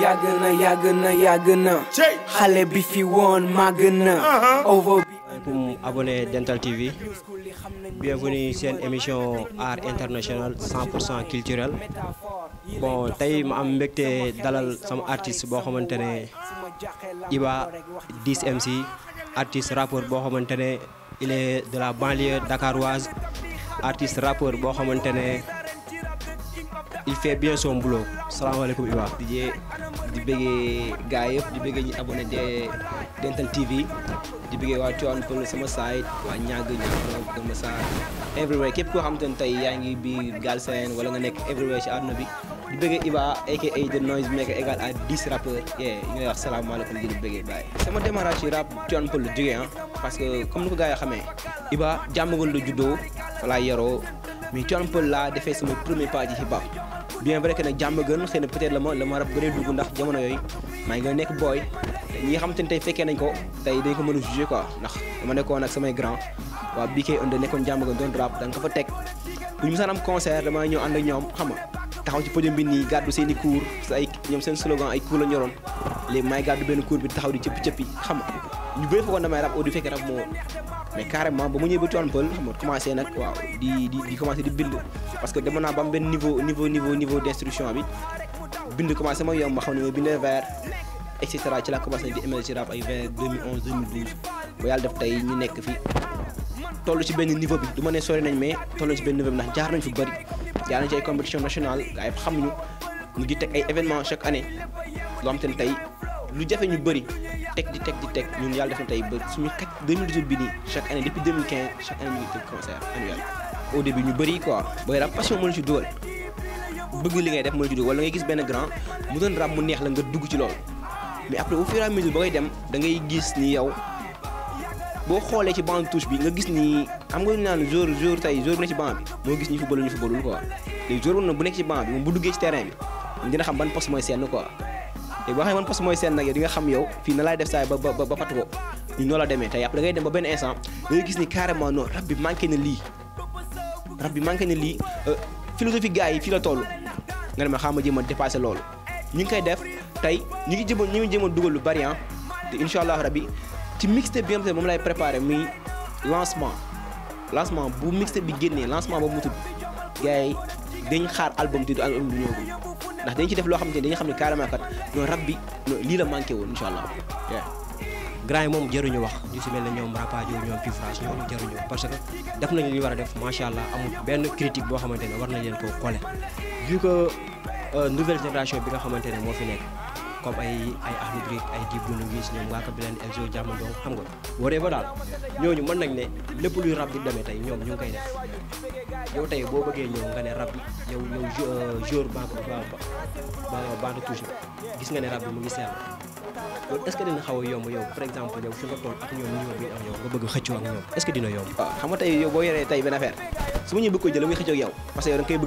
Yagana Yagana Yagana na yàgg na bi fi uh-huh. over abonné Dental TV bienvenue une émission art international 100 culturel bon tey ma am dalal sama artiste boo Iba 10 MC artiste rappeur boo il est de la banlieue dakaroise artiste rappeur Bohamontene. il fait bien son boulot Salam alaikum Iba. di bege gaay yëpp di bege ñi abonné de dental tv di bege waa tuwaan pël sama site waa ñaag ñu gëm sa everywhere képp koo xamante ne tey yaa ngi bi gaal seen wala nga nekk everywhere ci àdduna bi di bege iba aka the noise maker égal à ah, 10 rappeur yeah ñu wax lah, salaam alaykum di bege bay sama démarrage ci rap tuwaan pël du hein parce ah. que comme nu ko gaay xamee iba jàmmagul lu juddoo wala yaroo mais tuwaan pël laa defee sama premier pas ci hip hop bien vrai que nag jàmm gën xëy na peut-être la ma la ma rab gën a dugg ndax jamono yooyu maa ngi a nekk booy ñi nga xamante ni tey fekkee nañ ko tey dañ ko mën a jugé ndax dama nekkoon ak samay grand waa BK Under nekkoon jàmm gën doon rap da ko fa teg bu ñu mësaan am concert dama ñëw ànd ak ñoom xam nga taxaw ci podium bi nii gàddu seen i cours sa ay ñoom seen slogan ay cours la ñoroon léegi maay gàddu benn cours bi taxaw di cëppi cëppi xam nga ñu bëri ko damay rap audio du rap mo mais carrément ba mu ñëw ba Tivaouane Peulh xam nga commencé nak waaw di di di commencé di bind parce que demoon na bam ben niveau niveau niveau niveau d'instruction instruction bi bind commencé ma yomb ma xam ni ma bindee vers et cetera ci laa commencé di émerger rap ay vers 2011 2012 ba yàlla def tay ñu nekk fi tollu ci benn niveau bi du ma ne sori nañ mais tollu ci benn niveau bi ndax jaar nañ fi bari jaar nañ ci ay compétition nationale gars yi xamuñu ñu ngi teg ay événement chaque année lo xam te ne lu jafé ñu bari teg di teg di teg ñun yàlla def na tey ba suñu kat 2018 bi nii chaque année depuis 2015 chaque année ñu ngi tëgg concert annuel au début ñu bëri quoi booy rap passion moo la ci dugal bëgg li ngay def moo ci dugal wala ngay gis benn grand mu doon rap mu neex la nga dugg ci loolu mais après au fur et ba ngay dem da ngay gis ni yow boo xoolee ci banc touche bi nga gis ni xam nga ñu naan jour jour tey jour bu nekk ci banc bi bu nekk ci banc bi xam ban poste mooy seen quoi léegi boo xam man poste mooy seen nag yow di nga xam yow fii na laay def saay ba ba ba fatu ko ñu noonu la demee te yàpp da dem ba benn instant ni carrément bi manqué na lii rab bi manqué na lii euh, philosophie gars yi fii la toll nga dem a dépassé loolu ñu ngi koy def tey ñu ngi jëm ñu ngi jéem a dugal lu bari ah. te incha allah rabi ci mixte bi nga xam moom lay préparé muy lancement bu mixte bi génnee lancement boobu mu tudd gars yi dañ xaar album te du album du ndax dañ ci def loo xam ne dañu xam ne carrément kat non rab bi lii la manqué woon incha allah grand yi moom jaruñu wax ñu si mel ne ñoom rapajo ñoom pifrage ñoom jaruñu wax parce que def nañu li ñu war a def macha allah amul benn critique boo xamante ne war na leen koo collé vu ko euh, nouvelle génération bi nga xamante ne moo fi nekk comme ay ay Akhlou Brick ay Dip Doundou Guiss ñoom waa Kabilane Elzo Diamandong xam nga waree ba daal ñooñu mën nañ ne lépp luy rab di demee tey ñoom ñu ngi koy def nga xaw a yomb yow par exemple yow fi nga toll ak ñoom niveau bi nga xëccoo ak ñoom est dina yomb. waaw ah, xam nga boo yoree tey benn a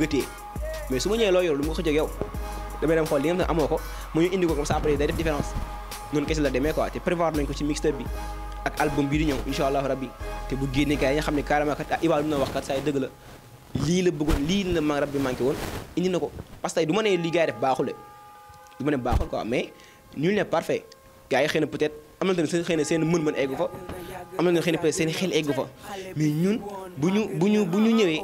téye mais su ma ñëwee loo yor xëccoo ak damay dem xool li nga xam ne amoo ko mu ñu indi ko comme ça après day def différence noonu kese la demee quoi te prévoir nañ ko ci mixtape bi ak album bi di ñëw insha allahu rabbi te bu génnee gars yi nga xam ne carrément kat ah Iba lu na wax kat saa dëgg la lii la bëggoon lii la ma rab bi manqué woon indi na ko parce que tey du ma ne li gars yi def baaxule du ma ne baaxul quoi mais nul n'est parfait gars yi xëy na peut-être am na tamit xëy na seen mën-mën eggu fa am na bu ñu bu ñu bu ñu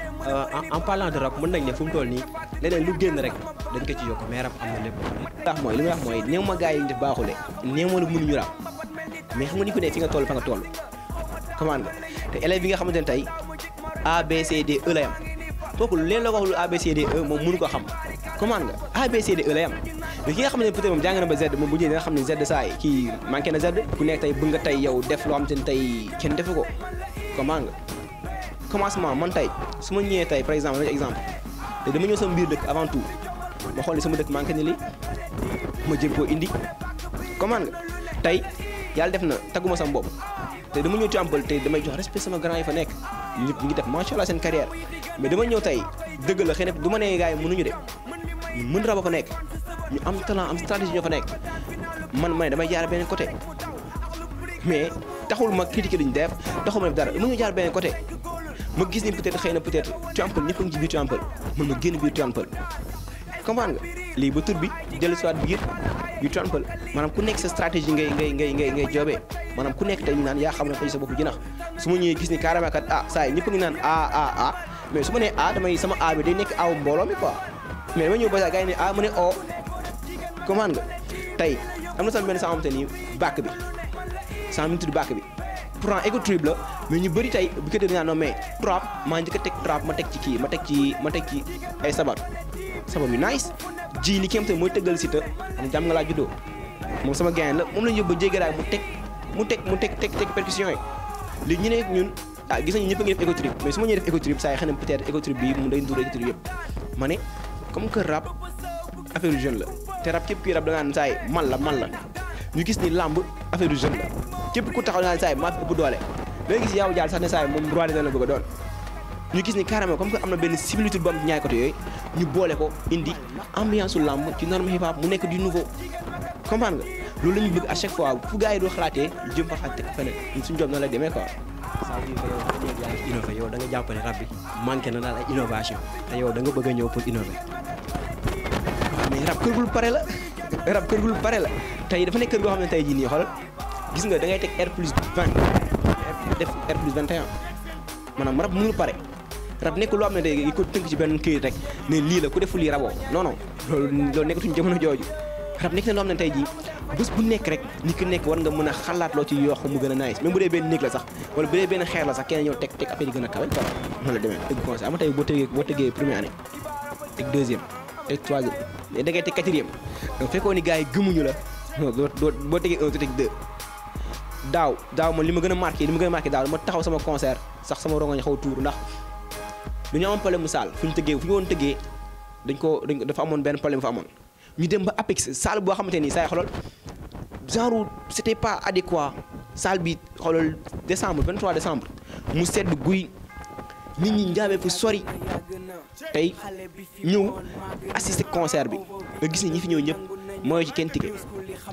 Euh, en parlant de rap mën nañ ne fu mu toll nii leneen lu génn rek dañ ko ci yokk mais rap am na lépp. li nga wax mooy ma gars yi ñu def baaxule néew mais xam nga ni ko ne fi nga toll fa nga toll comment élève bi nga xamante ne tey A B C D E leen la ko A E moom mënu ko xam comment nga A B e nga xam ne peut-être moom jàng na ba Z moom bu ñëwee dina xam ne Z saa yi kii manqué na Z ku nekk tey bëgg nga tey yow def loo xam te ne tey kenn defu ko comment commencement man tey su ma ñëwee tey par exemple rek exemple te dama ñëw sama biir dëkk avant tout ma xool sama dëkk manqué ni li ma jëm koo indi comment nga tey yàlla def na tagguma sama bopp te dama ñëw Tivaouane tey damay jox respect sama grand yi fa nekk ñëpp ñu ngi def macha allah seen carrière mais dama ñëw tey dëgg la xëy na du ma nee gars yi mënuñu de ñu mën rab a ko nekk ñu am talent am stratégie ñoo fa nekk man ma ne damay jaar benn côté mais taxul ma critiqué ma def ma gis ni peut être xëy na peut être Tivaouane ñëpp a ngi ci biir Tivaouane mën ma génn biir Tivaouane comprendre nga lii ba tur bi dellu si waat biir yu Tivaouane maanaam ku nekk sa stratégie ngay ngay ngay ngay ngay joobee maanaam ku nekk tey ñu naan yaa xam ne xëy sa bopp jinax su ma ñëwee gis ni carrément kat ah saa yi a ngi naan ah ah ah mais su ma nee ah damay sama a bi day nekk aw mbooloo mi quoi mais dama ñëw ba sax gars yi ne ah ma ne o comprendre nga tey am na sama benn saa xamante ni bàkk bi saa mi tudd bàkk bi prend ego dribble mais ñu bari tay bu ko dina no mais trap ma ñu ko tek trap ma tek ci ki ma tek ci ma tek ci ay eh, sabab sabab yu nice ji ni kemte moy teggal ci te am jam nga la juddo mom sama gain la mom la ñu bu jéggara mu tek mu tek mu tek tek tek percussion li ñu ne ñun ah gis nañu ñepp ngi def ego trip mais suma ñu def ego trip say xene peut-être ego trip bi mu day ndur ego trip yépp mané comme que rap affaire jeune la té rap képp ki rap da nga say mal la mal la ñu gis ni lamb affaire jeune la képp ku taxaw naa saa yi maa fi ëpp doole da ngay gis yaaw jaal sax ne saa yi doon ñu gis ni carrément comme que am na benn similitude bu am ñaari côté yooyu ñu boole ko indi ambiance su làmb ci norme hip hop mu nekk di nouveau ko nga loolu la ñu bëgg chaque fois fu gars yi doo xalaatee jëm fa xalaat teg feneen ñun noonu la demee quoi. ça veut dire que da nga jàpp ne rap bi manqué na daal ay innovation te nga bëgg a ñëw pour innover. mais rap kër gu lu pare la rap kër gul pare la tey dafa nekk kër goo xam ne tey jii nii xoolal gis nga da ngay teg R plus 20 def R plus 21 maanaam rab mënul pare rab nekk loo xam ne day ko tënk ci benn këyit rek ne lii la ku deful lii raboo non non loolu loolu nekkatuñ jamono jooju rab nekk na loo xam ne tey jii bés bu nekk rek nit ki nekk war nga mën a xalaat loo ci yoo mu gën a nice même bu dee benn néeg la sax wala bu dee benn xeer la sax kenn ñëw teg teg affaire yi gën a kawe quoi noonu la demee dëgg conseil ama tey boo tëgee boo tëgee première année teg deuxième teg troisième da ngay teg la non boo tegee un teg daaw daaw ma li ma gën a marqué li ma gën a marqué daaw dama taxaw sama concert sax sama rongoñ xaw tuur ndax dañoo amoon problème mu saal fu ñu tëggee fu ñu woon tëggee dañ ko dañ dafa amoon benn problème fa amoon ñu dem ba apex saal boo xamante nii saay xolol genre c'était pas adéquat saal bi xolol décembre 23 décembre mu sedd guy nit ñi njaamee fu sori tey ñëw assister concert bi nga gis ne ñi fi ñëw ñëpp mooy ci kenn ticket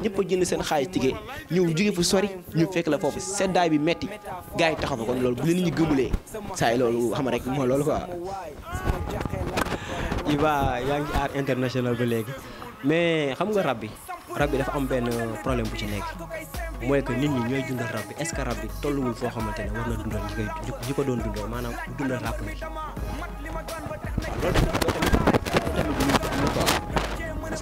ñëpp jënd seen xaalis ticket ñëw jóge fu sori ñu fekk la foofu seddaay bi metti gars yi taxaw fa kon loolu bu leen ñu gëmulee saa yi loolu xam rek moo loolu quoi. Iba yaa ngi ci art international ba léegi mais xam nga rab bi rab bi dafa am benn problème bu ci nekk mooy que nit ñi ñooy dundal rab bi est rab bi tolluwul foo xamante ne war na dundal ñi koy ñi ko doon dundal maanaam dundal rab bi.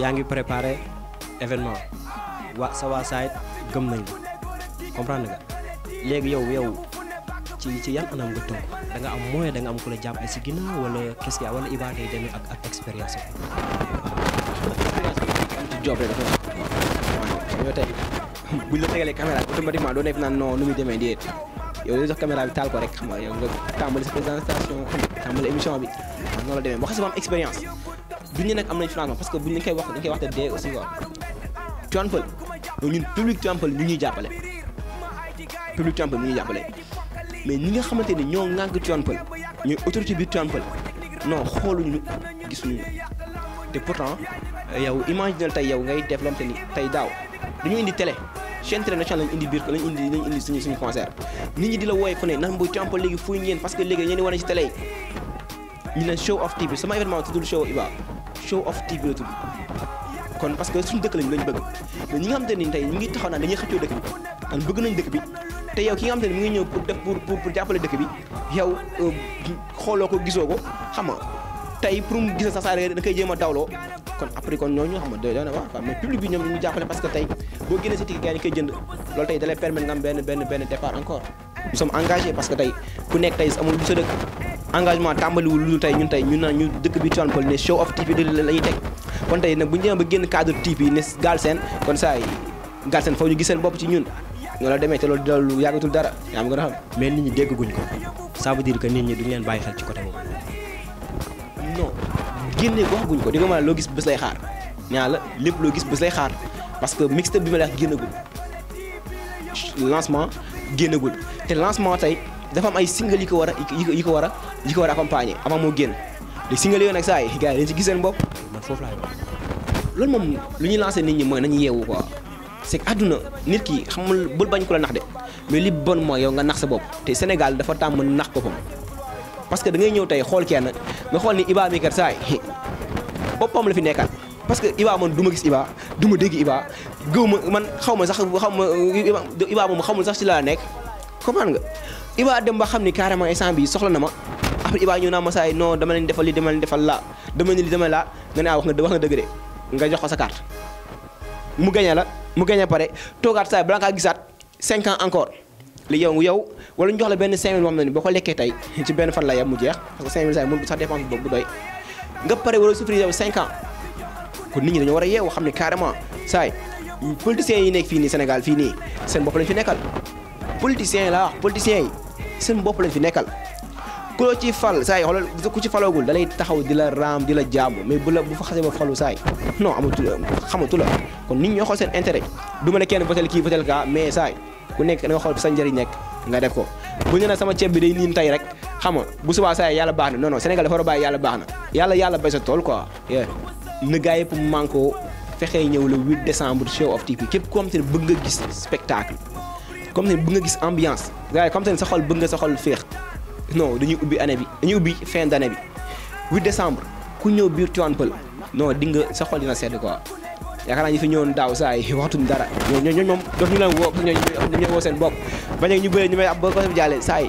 yaa ngi préparé événement wa sa waa saayit gëm nañ la comprendre nga léegi yow yow ci ci yan anam nga tënk da nga am moyen da nga am ku la jàppale si ginnaaw wala qu'est-ce que wala Iba demee ak ak expérience bi. waaw xam tey buñ la tegalee nekk naan non nu muy demee di yow li jox caméra bi taal ko rek xam nga tàmbali sa présentation tàmbali émission bi waaw noonu la demee boo xam si expérience. duñ ne nag am nañ financement parce que buñ koy wax dañ koy wax te de, aussi quoi Temple, ñun public temple ñu ñuy jàppale public temple ñu ñuy jàppale mais ñi nga xamante ni ñoo ŋànk temple, Peulh autorité bi Tivaouane Peulh non xooluñu gisuñu te pourtant yow imaginal tey yow ngay def ni tey daaw dañu indi télé chaîne télé nationale indi biir ko lañ indi lañ indi suñu suñu concert nit ñi di la wooye fu nan bu Tivaouane Peulh fuy ngeen parce que léegi ñeen di ci télé ñu show of TV sama événement tuddul show Iba show off TV la tudd kon parce que suñu dëkk lañ bëgg mais ñi nga xamante ni tey ñu ngi taxaw naan dañuy xëccoo dëkk bi kon bëgg nañ dëkk bi te yow ki nga xamante ni mu ngi ñëw pour def pour pour jàppale dëkk bi yow euh, xooloo ko gisoo ko xam nga tey pour mu gis sa saare da koy dawloo kon après kon ñooñu xam nga doy na waa quoi mais public bi ñoom ñu que tey boo génnee sa ticket gars yi koy jënd nga benn benn benn départ encore nous sommes engagés parce que tey ku nekk tey amul bu dëkk engagement tambali wu lu tay ñun tay ñu ñu dëkk bi tuan pol ne show of tv de la ñuy tek kon tay nak bu ñëw ba genn cadre tv ne gal sen kon say gal sen fa ñu gisseen bop ci ñun ñola démé té lolu dalu yagatul dara ñam nga xam mais nit ñi dégg guñ ko ça veut dire que nit ñi duñ leen bayyi xel ci côté bobu non genné wax guñ ko diga ma lo gis bëss lay xaar ñaala lepp lo gis bëss lay xaar parce que mixte bi ma lay genné guñ lancement genné guñ té lancement tay dafa am ay single yi ko wara yi ko wara ñi ko war a accompagner avant moo génn léegi single yooyu nag saa yi gars yi dañ ci gis seen bopp man foofu laay loolu moom lu ñuy lancé nit ñi mooy nañu yeewu ko c'est que àdduna nit ki xamul bul bañ ko la nax de mais li bon mooy yow nga nax sa bopp te Sénégal dafa tàmm nax ko parce que da ngay ñëw tey xool kenn nga xool ni ibaa mi kat saa yi boppam la fi nekkal parce que Iba man du ma gis Iba du ma dégg Iba gëw ma man xaw ma sax xaw ma Iba moom xamul sax ci laa nekk comprendre nga ibaa dem ba xam ni carrément instant bi soxla na après Iba ñëw naa ma saa yi non dama leen defal li dama leen defal la dama ne li laa nga ne ah wax nga wax nga nga jox ko sa carte mu gañe la mu gañe pare toogaat saa yi balaa gisaat 5 encore li yow yow wala ñu jox la benn 5000 boo xam ne boo lekkee tey ci benn fan la yem mu jeex parce que 5000 saa yi mun sax dépense boobu bu doy nga kon nit ñi dañoo war a yeewu xam ne carrément saa yi yi nekk fii nii Sénégal fii nii seen bopp lañ fi nekkal politiciens yi laa wax politiciens seen bopp lañ fi nekkal ku loo ciy fal saa yi xoolal ku ci faloogul da lay taxaw di la raam di la jaamu mais bu la bu fa xasee ba falu saa yi non amatu xamatu la kon nit ñi ñoo xool seen intérêt du ma kenn votel kii votel kaa mais saa ku nekk nga xool sa njëriñ nekk nga def ko bu ñu ne sama ceeb bi day niin tey rek xam nga bu subaa saa yàlla baax non non Sénégal dafa war a bàyyi yàlla baax na yàlla yàlla bay sa tool quoi na gaa yëpp manko fexee ñëw le 8 décembre show of TP képp ku am te bëgg gis spectacle comme te ne bëgg nga gis ambiance gars comme te sa xol bëgg sa xol féex non dañuy ubbi année bi dañuy ubbi fin d'année bi 8 décembre ku ñëw biir tiwaan pël non di nga sa xol dina sedd quoi yaakaar naa ñu fi ñëwoon daaw saa yi waxtuñ dara ñoo ñoo ñoom dox ñu leen woo ñoo ñu woo seen bopp bañ ak ñu bëri ñu may ab boo ko jàllee saa yi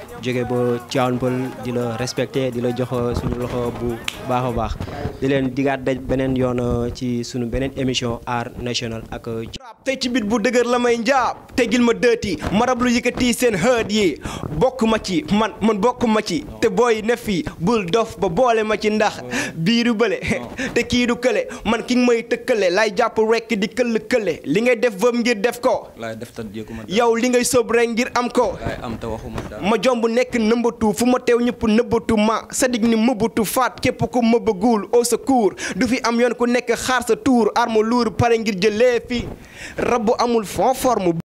jóge ba Tivaouane Peulh di la respecté di la jox suñu loxo bu baax a baax di leen digaat daj beneen yoon euh, ci suñu beneen émission art national ak tey ci bit bu dëgër la may njaab gil ma dëti marab lu yëkkati seen xët yi bokk ma ci man man bokk ma ci te booy ne fii bul dof ba boole ma ci ndax biiru bële te kii du kële man ki nga may tëkkale lay jàpp rekk di këll kële li ngay def vëm ngir def ko yow li ngay soob rek ngir am ko ma jomb nekk nëmbatu fu ma teew ñëpp nëbbatu ma sadig ni mëbbatu faat képp ku ma bëggul au secours du fi am yoon ku nekk xaar sa tuur arme lour pare ngir jëlee fi rabbu amul fond forme